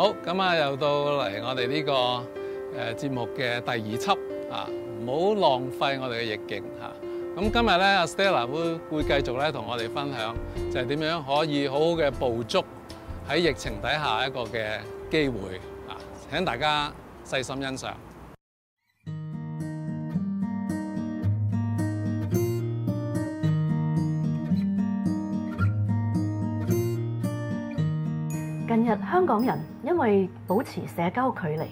好，咁啊，又到嚟我哋呢個誒節目嘅第二輯啊，唔好浪費我哋嘅逆境吓。咁，啊，今日咧，阿 Stella 會會繼續咧同我哋分享，就係點樣可以好好嘅捕捉喺疫情底下一個嘅機會啊，請大家細心欣賞。香港人因為保持社交距離，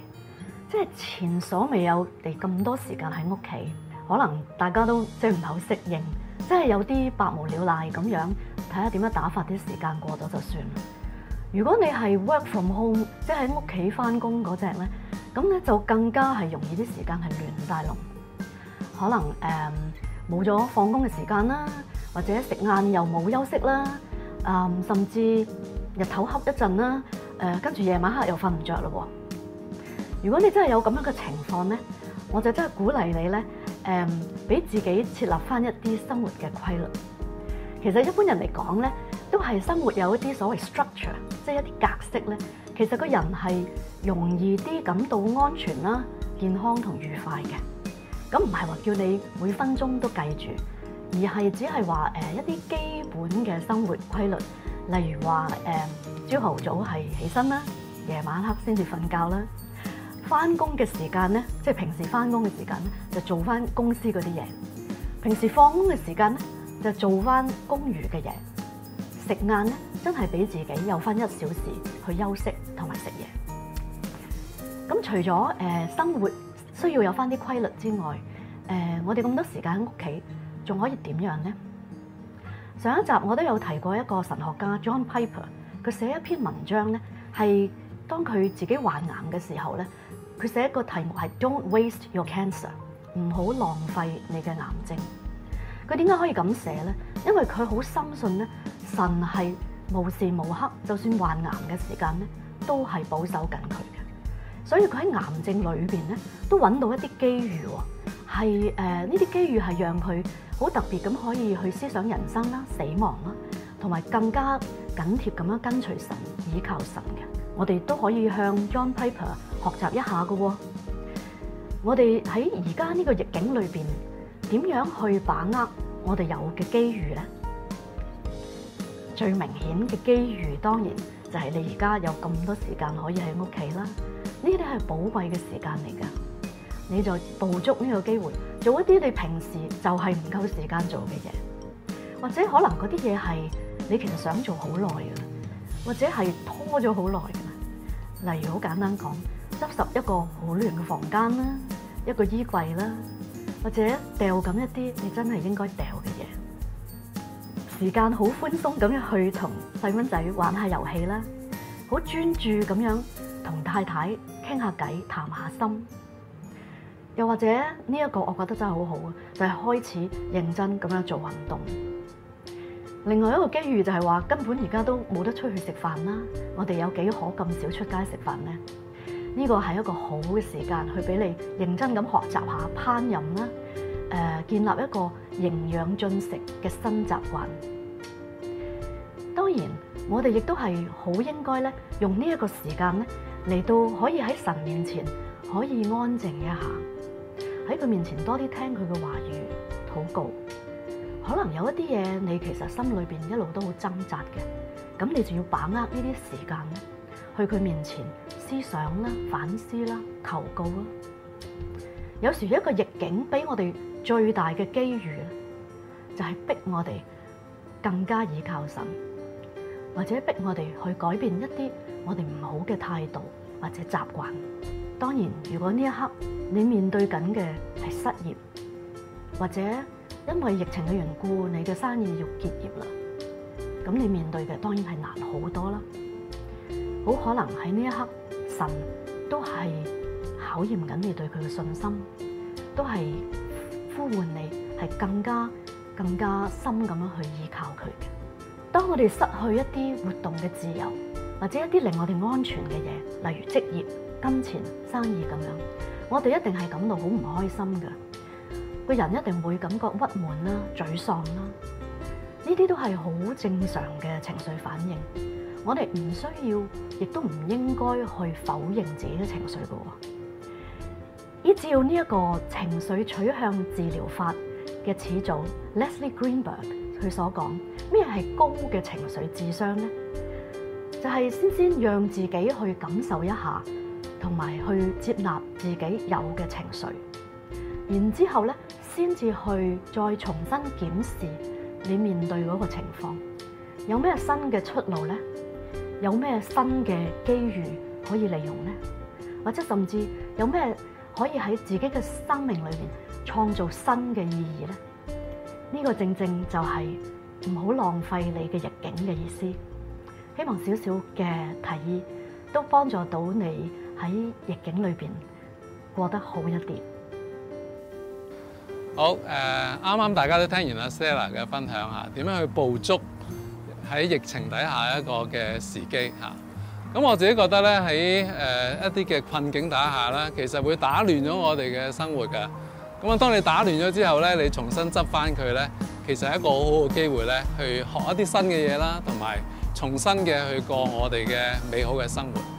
即係前所未有地咁多時間喺屋企，可能大家都即係唔係好適應，即係有啲百無聊賴咁樣睇下點樣打發啲時間過咗就算啦。如果你係 work from home，即係喺屋企翻工嗰隻咧，咁咧就更加係容易啲時間係亂曬龍，可能誒冇咗放工嘅時間啦，或者食晏又冇休息啦，啊、嗯、甚至，日頭恰一陣啦，跟住夜晚黑又瞓唔着嘞喎。如果你真係有咁樣嘅情況咧，我就真係鼓勵你咧，誒、嗯、俾自己設立翻一啲生活嘅規律。其實一般人嚟講咧，都係生活有一啲所謂 structure，即係一啲格式咧。其實個人係容易啲感到安全啦、健康同愉快嘅。咁唔係話叫你每分鐘都計住，而係只係話誒一啲基本嘅生活規律。例如話誒，朝、呃、頭早係起身啦，夜晚黑先至瞓覺啦。翻工嘅時間咧，即係平時翻工嘅時間咧，就做翻公司嗰啲嘢；平時放工嘅時間咧，就做翻公寓嘅嘢。食晏咧，真係俾自己有翻一小時去休息同埋食嘢。咁除咗誒、呃、生活需要有翻啲規律之外，誒、呃、我哋咁多時間喺屋企，仲可以點樣咧？上一集我都有提過一個神學家 John Piper，佢寫一篇文章咧，係當佢自己患癌嘅時候咧，佢寫一個題目係 Don't waste your cancer，唔好浪費你嘅癌症。佢點解可以咁寫咧？因為佢好深信咧，神係無時無刻，就算患癌嘅時間咧，都係保守緊佢嘅。所以佢喺癌症裏面咧，都揾到一啲機遇喎。係誒，呢啲機遇係讓佢好特別咁，可以去思想人生啦、死亡啦，同埋更加緊貼咁樣跟隨神、倚靠神嘅。我哋都可以向 John Piper 學習一下噶喎。我哋喺而家呢個逆境裏邊，點樣去把握我哋有嘅機遇咧？最明顯嘅機遇，當然就係你而家有咁多時間可以喺屋企啦，呢啲係寶貴嘅時間嚟噶。你就捕捉呢個機會，做一啲你平時就係唔夠時間做嘅嘢，或者可能嗰啲嘢係你其實想做好耐嘅，或者係拖咗好耐嘅。例如好簡單講，執拾一個好亂嘅房間啦，一個衣櫃啦，或者掉咁一啲你真係應該掉嘅嘢。時間好寬鬆咁樣去同細蚊仔玩下遊戲啦，好專注咁樣同太太傾下偈、談下心。又或者呢一個，我覺得真係好好嘅，就係開始認真咁樣做運動。另外一個機遇就係話，根本而家都冇得出去食飯啦。我哋有幾可咁少出街食飯呢？呢個係一個好嘅時間，去俾你認真咁學習下烹飪啦，呃，建立一個營養進食嘅新習慣。當然，我哋亦都係好應該咧，用呢一個時間咧嚟到可以喺神面前可以安靜一下。喺佢面前多啲聽佢嘅話語，禱告，可能有一啲嘢你其實心裏邊一路都好掙扎嘅，咁你仲要把握呢啲時間去佢面前思想啦、反思啦、求告啦。有時一個逆境俾我哋最大嘅機遇，就係逼我哋更加倚靠神，或者逼我哋去改變一啲我哋唔好嘅態度或者習慣。當然，如果呢一刻你面對緊嘅係失業，或者因為疫情嘅緣故，你嘅生意要結業啦，咁你面對嘅當然係難好多啦。好可能喺呢一刻，神都係考驗緊你對佢嘅信心，都係呼喚你係更加更加深咁樣去依靠佢嘅。當我哋失去一啲活動嘅自由，或者一啲令我哋安全嘅嘢，例如職業。金錢、生意咁樣，我哋一定係感到好唔開心嘅，個人一定會感覺鬱悶啦、沮喪啦，呢啲都係好正常嘅情緒反應。我哋唔需要，亦都唔應該去否認自己嘅情緒嘅。依照呢一個情緒取向治療法嘅始祖 Leslie Greenberg 佢所講，咩係高嘅情緒智商咧？就係先先讓自己去感受一下。同埋去接納自己有嘅情緒，然之後咧，先至去再重新檢視你面對嗰個情況，有咩新嘅出路咧？有咩新嘅機遇可以利用咧？或者甚至有咩可以喺自己嘅生命裏邊創造新嘅意義咧？呢個正正就係唔好浪費你嘅逆境嘅意思。希望少少嘅提議都幫助到你。喺逆境裏邊過得好一啲。好，誒啱啱大家都聽完阿 Sara 嘅分享啊，點樣去捕捉喺疫情底下一個嘅時機吓？咁、啊、我自己覺得咧，喺誒、呃、一啲嘅困境底下咧，其實會打亂咗我哋嘅生活㗎。咁啊，當你打亂咗之後咧，你重新執返佢咧，其實係一個好好嘅機會咧，去學一啲新嘅嘢啦，同埋重新嘅去過我哋嘅美好嘅生活。